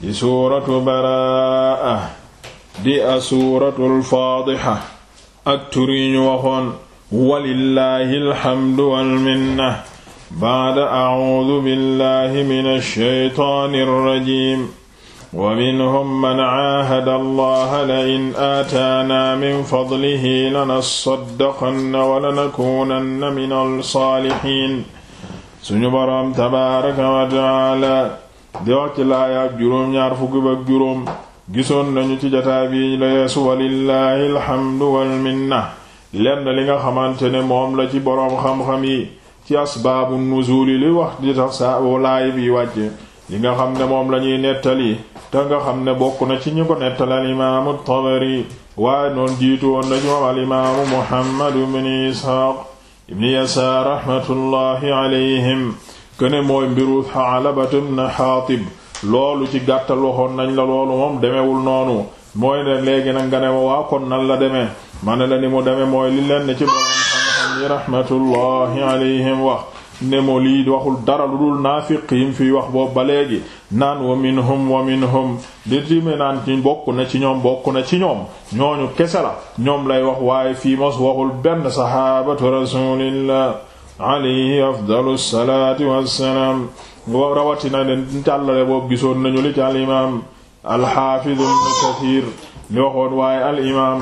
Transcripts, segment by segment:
di suuratu baraa di asuuratul faadixa ak turiñu waxoon walillaahi alhamdu walminna baada acuudu billahi min alshaytaani alrajim wa minhum man caahada allaha la in aataana min fadlihi lanasaddaqanna wa lanakuunanna min alsaalixiin suñu boroom tabaaraka wa tacaala di wax ci laayaab juróom-ñaar fukki ak juróom gisoon nañu ci jataay bi la yeesu walillaahi alxamdu walminna lenn li nga xamante ne moom la ci boroom xam-xam yi ci asbaabu nuzuuli li wax di tax sa laay bi wàcce yi nga xam ne moom la ñuy nettali te nga xam ne bokk na ci ñu ko nettali al imaamu Tabari waaye noon jiitu woon na ci moom al imaamu Muhammad ibn Isxaaq ibn Yasaar alayhim kene mooy mbiru Xaalabatu ibn Xaatib loolu ci gàttal waxoon nañ la loolu moom demewul noonu mooy ne léegi na nga ne ma waa kon nan la demee ma la ni mu demee mooy li leen ne ci borom xam-xam yi rahmatullahi alayhim wax ne moo lii waxul dara lu dul naafiq yim fiy wax boobu ba léegi naan wa minhum wa minhum di dime naan ci bokk na ci ñoom bokk na ci ñoom ñooñu kese la ñoom lay wax waaye fii mos waxul benn sahabatu rasulillah alayhi afdalu salaati wassalaam wa rawatina leen tàllale boobu gisoon nañu li ci al imaam alxaafidu ibnu kasiir li waxoon waaye al imaam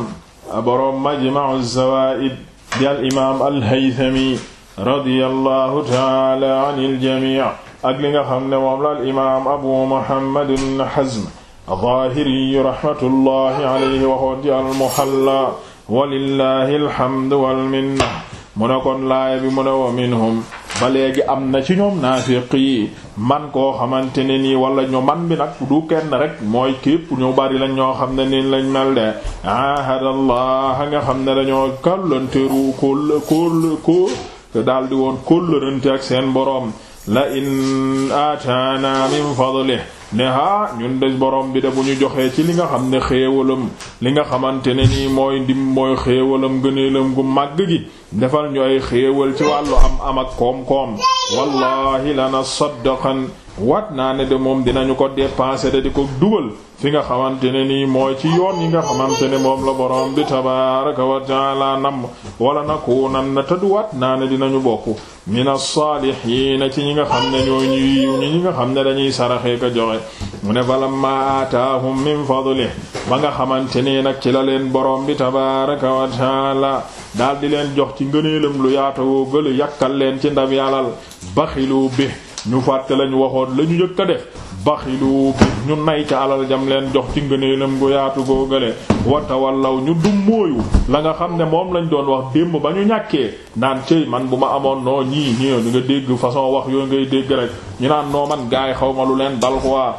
boroom majma'u zawaa'id di al imaam alhaytami radiyallahu taala anil jamii ak li nga xam ne moom la al imaam abu muhammad ibn hazm zaahiri rahmatullahi alayhi waxoon ci al muhalla walillahi alhamdu wal minna mu ne kon laaya bi mu ne wa minhum ba léegi am na ci ñoom naafiq yi man koo xamante ne nii wala ñu man bi nag du kenn rek mooy képp ñu bari lañ ñoo xam ne nii lañ mel de a nga xam ne dañoo kàllanteeru kóll kóll kóll daal di woon kóllërante ak seen boroom la in aataana min fadlihi ne haa ñun de borom bi de bu ñu joxee ci li nga xam ne xéewalam li nga xamante ne nii mooy ndim mooy xéewalam gëneelam gu mag gi defal ñu ay xéewal ci wàllu am am ak koom-koom wallahi lana saddaqan waat naa ne de moom dinañu ko dépenser de di ko dugal fi nga xamante ne nii mooy ci yoon yi nga xamante ne moom la borom bi tabaraka wa taala namm wala nakuunan na tëdd waat naa ne dinañu bokk min as-saalihiina ci ñi nga xam ne ñoo ñu yiw ñi ñi nga xam ne dañuy saraxee ko joxe mu ne falamma aataahum min fadlih ba nga xamante nii nag ci la leen boroom bi tabaraka wa taala daal di leen jox ci ngëneelam lu yaatawoo gële yàkkal leen ci ndab yàllal baxilu bi ñu fàtte lañ waxoon la ñu njëkk a def baxilu bi ñu nay ca alal jam leen jox ci ngëneelam gu yaatu googale watawallaw ñu dum mooyu la nga xam ne moom lañ doon wax démb ba ñu ñàkkee naan cëy man bu ma amoon noo ñii ñii di nga dégg façon wax yooyu ngay dégg rek ñu naan noo man gaay xaw ma lu leen dal quoi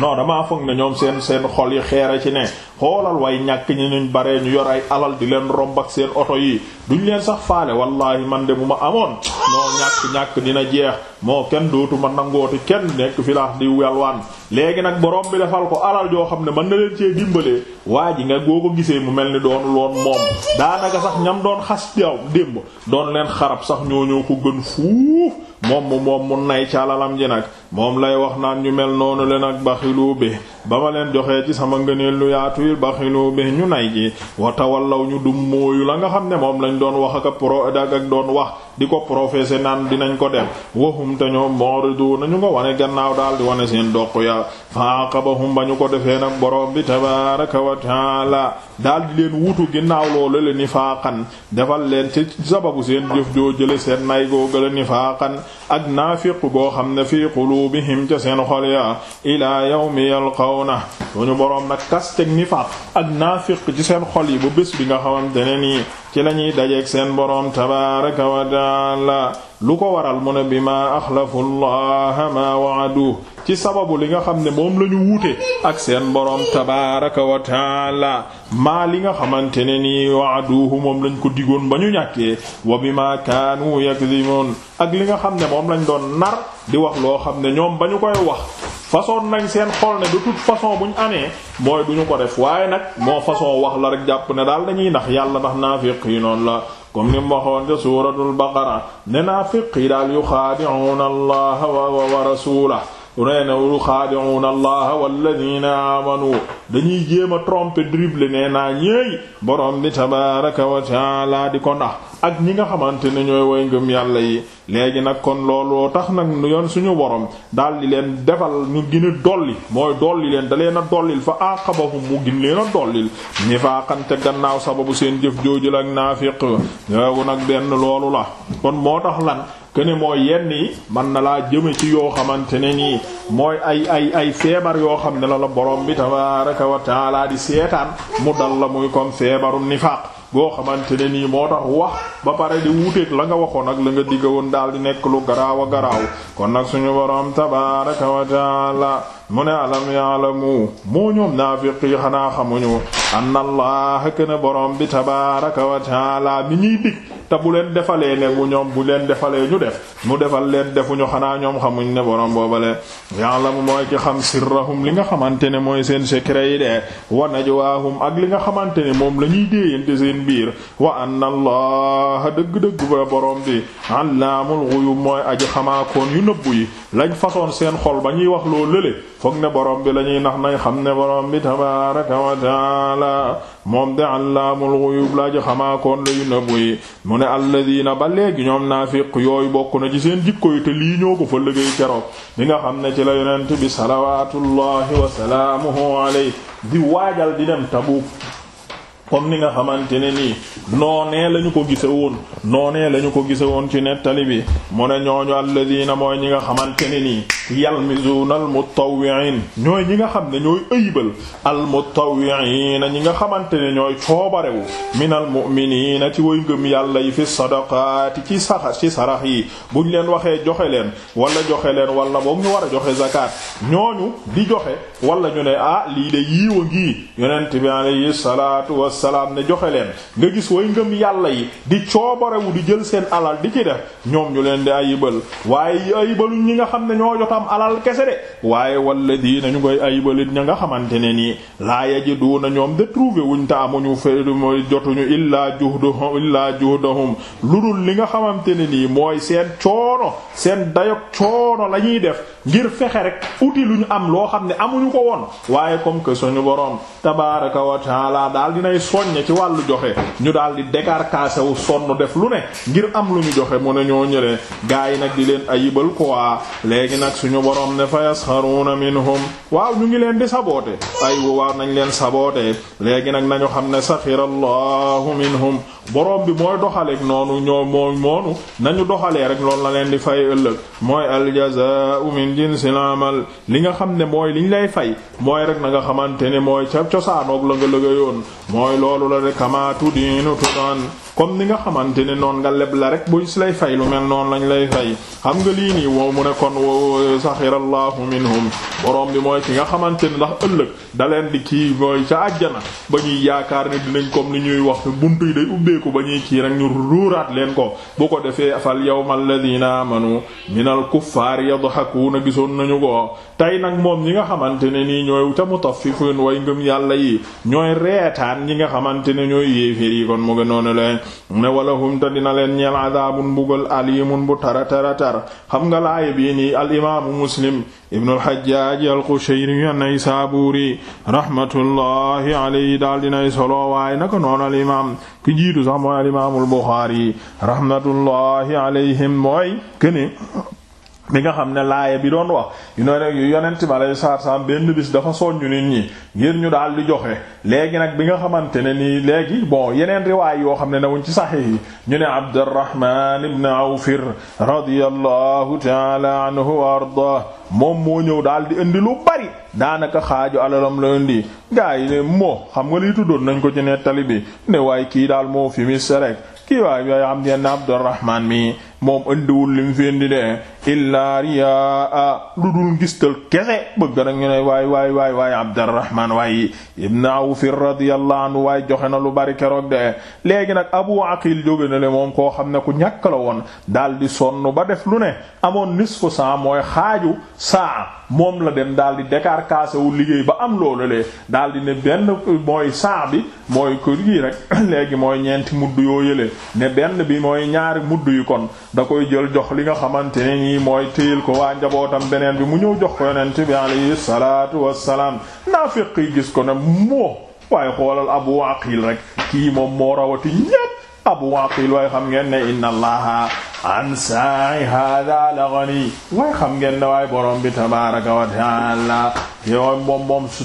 non damaa foog ne ñoom seen seen xol yi xeere ci ne xoolal way ñàkk ñi nuñ baree ñu yor ay alal di leen romb ak seen oto yi duñu leen sax faale wallaahi man de bu ma amoon moo ñàkk ñàkk dina jeex moo kenn dootuma nangooti kenn nekk fi laax di welwaan léegi nag borom bi defal ko alal joo xam ne mën na leen cee dimbalee waa ji nga goo ko gisee mu mel ni doon woon moom daanaka sax ñam doon xas jaww démb doon leen xarab sax ñoo ñoo ko gën fuuf moom mu moom mu nay ca alalam ji nag moom lay wax naan ñu mel noonu leen ak baxilu bi ba ma leen joxee ci sama ngëneel lu yaatuyil baxilu bi ñu nay ji law ñu dum mooyu la nga xam ne moom lañ doon wax ak pro ak ak doon wax di ko professé naan dinañ ko dem waxum te ñoom moridu nañu ko wane gannaaw daal di wane seen doq ya faaqabahum ba ñu ko defee nag borom bi tabaraka wa taala daal di leen wutu ginnaaw loolu le nifaaqan defal leen ci sababu seen jëf joo jële seen nay goo gële nifaaqan ak naafiq boo xam ne fi quluubihim ca seen xol ya ilaa yawmi yalqawna suñu boroom ma kas teg nifaaq ak naafiq ci seen xol yi bu bés bi nga xamante ne nii ci la ñuy dajeeg seen boroom tabaaraka wa taala lu ko waral mu ne bi ma axlafu allaha ma waadu ci sababu li nga xam ne moom lañu ñu wuute ak seen borom tabaraka wa taala maa li nga xamante ne ni waaduhu moom lañ ko digoon ba ñu ñàkkee wa bi kaanu yakdimun ak li nga xam ne moom lañ doon nar di wax loo xam ne ñoom ba ñu koy wax façon nañ seen xol ne de toute façon bu ñu amee mooy du ko def waaye nag moo façon wax la rek jàpp ne daal dañuy nax yàlla ndax naafiq yi noonu la comme ni mu waxoon ca suuratul baqara ne naafiq yi daal yuxaadi'uuna allaha wa wa rasuulahu nee na yuxaadi'uuna allaha walladina amanu dañuy jéem a tromper dribble nee naa ñéey borom bi tabaraka wa taala di ko ndax ak ñi nga xamante ni ñooy way ngëm yàlla yi léegi nag kon looloo tax nag yoon suñu borom daal di leen defal ñu gën dolli mooy dolli leen da leen a dollil fa aqabahum mu gin leen a dollil nifaaqante gannaaw sababu seen jëf joojul ak naafiq yoowu nag benn loolu la kon moo tax lan ne mooy yenn yi man na laa jëme ci yoo xamante ne nii mooy ay ay ay feebar yoo xam ne la la borom bi tabaaraka wa taala di seetaan mu dal la muy comme feebaru nifaaq boo xamante ne nii moo tax wax ba pare di wuuteeg la nga waxoon ak la nga digga woon daal di nekk lu garaaw a garaaw kon nag suñu borom tabaaraka wa taala mu ne alam yaalamu moo ñoom naafiq yi xanaa xamuñu anna allah këna borom bi tabaaraka wa bi ñuy dig te bu leen defalee ne bu ñoom bu leen defalee ñu def mu defal leen defuñu xanaa ñoom xamuñ ne borom boobale yaalamu mooy ki xam sirrahum li nga xamante ne mooy seen secret yi de wa najwaahum ak li nga xamante ne moom la ñuy déeyante seen biir wa anna allah dëgg-dëgg ba borom bi allaamul ghuyub mooy aji xamaakoon yu nëbbu yi lañ façon seen xol ba ñuy wax loo lële foog ne borom bi la ñuy nax nañ xam ne borom bi tabaaraka wa taala moom de allaamul ghuyub la ji xamaakoon layu nëbbu yi mu ne alladina ba léegi ñoom naafiq yooyu bokk na ci seen jikko te lii ñoo ko fa liggéey keroog di nga xam ne ci la yonent bi salawaatullahi wa salaamuhu alayhi di waajal di dem Tabuuk comme ni nga xamante ne nii noonee la ñu ko gise woon noonee la ñu ko gise woon ci nettali bi mu ne ñooñu alladina mooy ñi nga xamante ne nii mi yalmizuna al mutawwi'in ñooy ñi nga xam ne ñooy ëybal al mutawwi'ina ñi nga xamante ne ñooy coobarewu minal mu'minina ci way ngëm yàlla yi fi sadaqaati ci saxa ci sarax yi buñ leen waxee joxe leen wala joxe leen wala boog ñu war a joxe zakat ñooñu di joxe wala ñu ne ah lii de yiiwa ngii yonent bi alayhi salaatu wasalaam ne joxe leen nga gis way ngëm yàlla yi di coobarewu di jël seen alal di ci def ñoom ñu leen di ayibal waaye ayibaluñ ñi nga xam ne ñoo jotam alal kese de waaye walla diina ñu koy ayibalit ña nga xamante ne nii laa yajiduuna ñoom de trouver wuñ ta amuñu faydu mooy jotuñu illaa juhduhum illaa juhdahum lu dul li nga xamante ne nii mooy seet coono seen dayok coono lañuy def ngir fexe rek uti lu ñu am loo xam ne amuñu ko woon waaye comme que suñu borom soññe ci wàllu joxe ñu daal di décarcassé wu sonn def lu ne ngir am lu ñu joxe mu ne ñoo ñëlee gaa yi nag di leen ayibal quoi léegi nag suñu borom ne fa yasxaruuna minhum waaw ñu ngi leen di saboote ay waaw nañ leen saboote léegi nag nañu xam ne saxira allahu minhum borom bi mooy doxaleek noonu ñoo mooy moonu nañu doxalee rek loolu la leen di fay ëllëg mooy aljazaa'u min jinsil amal li nga xam ne mooy liñ lay fay mooy rek na nga xamante ne mooy ca cosaanoog la nga lëgëyoon mooy loolu la rek kamaatu diinu tudaan comme ni nga xamante ne noonu nga leb la rek buñ si lay fay lu mel noon lañ lay fay xam nga lii nii wow mu ne kon saxirallahu minhum borom bi mooy ki nga xamante ne ndax ëllëg da leen di kii mooy ca àjjana ba ñuy yaakaar ne dinañ comme li ñuy wax ne buntu yi day ubbeeku ba ñuy kii rek ñu ruuraat leen ko bu ko defee fal yawmal ladina amanu minal kuffaar yadhakuna gisoon nañu ko tey nag moom ñi nga xamante ne nii ñooy ta mutaffifun way ngëm yàlla yi ñooy reetaan ñi nga xamante ne ñooy yéeféer yi kon mu ngi noonu leen ne wala hum ta dina leen ñeel adaabun bugal alimun bu tara tara tar xam nga laay bii nii al imaamu muslim ibnu alhajjaji alqushayri an-naysaburi rahmatullahi alayhi daal dinay solo waaye naka noonu al imaam ki jiitu sax mooy al imaamul buxaari rahmatullahi alayhim mooy kene mi nga xam ne laaya bi doon wa yu ne yu yonent bi alayhi salaatu salaam benn bis dafa soññu nit ñi ngir ñu daal di joxe léegi nag bi nga xamante ne nii léegi bon yeneen riwaay yoo xam ne newuñ ci saxiix ñu ne Abdurrahman ibn Awfir radiyallahu taala anhu wa ardaah moom moo ñëw daal di indi lu bari daanaka xaajo alalam la indi gaa yi ne moo xam nga liy tuddoon nañ ko ci nettali bi ne waaye kii daal moo fi mis rek kii waaye yooyu am yenn Abdurrahman mi moom andiwul lim fi indi de illaa riyaa lu dul ngistal kese bëgg rek ñu ne waay waay waay waay Abdurrahman waay ibn Awf radiyallahu anhu waay joxe na lu bari keroog de léegi nag Abu Aqil jóge na le moom koo xam ne ku ñàkk la woon daal di sonn ba def lu ne amoon nisfu saa mooy xaaju saa moom la dem daal di décarcassé wu liggéey ba am loolu le daal di ne benn mooy saa bi mooy kër gi rek léegi mooy ñeenti mudd yoo yële ne benn bi mooy ñaari mudd yu kon da koy jël jox li nga xamante ne nii mooy téyil ko waa njabootam beneen bi mu ñëw jox ko yonent bi alayhi salaatu wassalaam naafiq yi gis ko ne moo waaye xoolal abu aqil rek kii moom moo rawati ñépp abu aqil waaye xam ngeen ne inna allaha an sa'i la ghani waaye xam ngeen ne waaye borom bi tabaraka wa taala yow moom moom su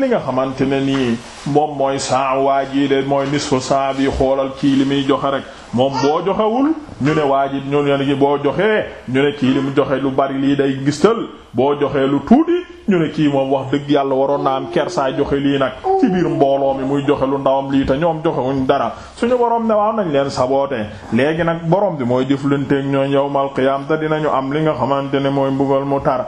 li nga xamante ne nii moom mooy saa waa ji de mooy nisfu saa bi xoolal kii li muy joxe rek moom boo joxewul ñu ne waa ji ñu ne boo joxee ñu ne kii li joxe lu bari lii day gistal boo joxe lu tuuti ñu ne kii moom wax dëgg yàlla waroon naan am saa joxe lii nag ci biir mbooloo mi muy joxe lu ndawam lii te ñoom joxewuñ dara suñu borom ne waaw nañ leen saboote léegi nag borom bi mooy jëflanteeg ñooy yawmal qiyaam te dinañu am li nga xamante ne mooy mbugal mu tar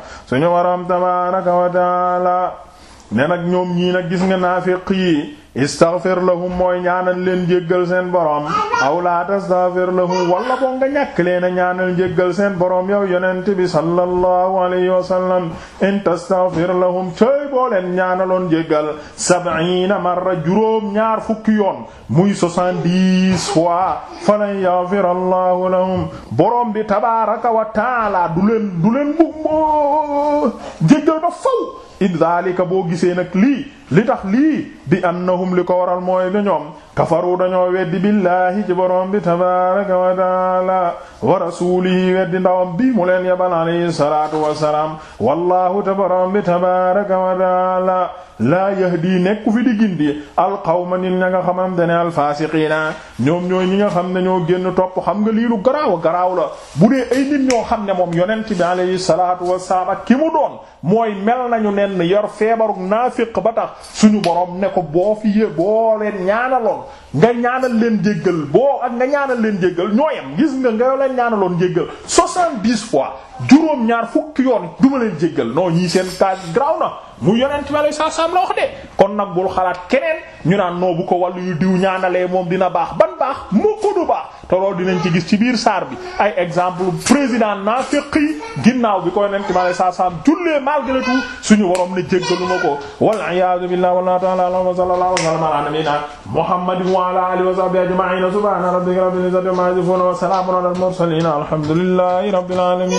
ne nag ñoom ñii nag gis nga naafiq yi istaghfir lahum mooy ñaanal leen jéggal seen borom aw laa tastaghfir lahum wala boo nga ñaanal jéggal seen borom yow yonent bi sallallahu alayhi wa sallam in tastaghfir lahum cëy boo leen ñaanaloon jéggal sab'ina marra juróom ñaar fukki yoon muy falan yaghfir allahu lahum borom bi tabaraka wa taala du leen du leen faw in zalika boo gisee nag lii li tax lii bi annahum li ko waral mooy li ñoom kafaru dañoo weddi billaahi ci borom bi tabaraka wa taala wa rasulihi weddi ndawam bi mu leen yabal alayhi salaatu wasalaam wallahu te borom bi tabaraka wa taala laa yahdi nekku fi di gindi alqawma nit ña nga xamante ne alfaasiqiina ñoom ñooy ñi nga xam ne ñoo génn topp xam nga lii lu garaaw garaaw la bu dee ay nit ñoo xam ne moom yonent bi alayhi salaatu wasalaam ak k yenn yor feebaruk naafiq ba tax suñu borom ne ko boo fi yee boo leen ñaanaloon nga ñaanal leen jéggal boo ak nga ñaanal leen jéggal ñooyam gis nga nga leen ñaanaloon jéggal soixante-dix fois juróom ñaar fukki yoon duma leen jéggal non ñii seen cas graw na mu yonent bi alei saa salaam la wax de kon nag bul xalaat keneen ñu naan noo bu ko wàllu yu diw ñaanalee moom dina baax baax mukk du baax te loolu dinañ ci gis ci biir saar bi ay exemple président naafiq yi ginnaaw bi koy nen ci malay sa sam jullee malgré tout suñu waroom ne jéggalu ma ko waliyasu billah wallahu ta'ala alam wa sallallahu wa sallam ala nabiyyina muhammadin wa ala alihi wa sahbihi ajma'in subhana rabbika rabbil izzati amma yasifun wa salamun ala al mursalin alhamdulillahi rabbil alamin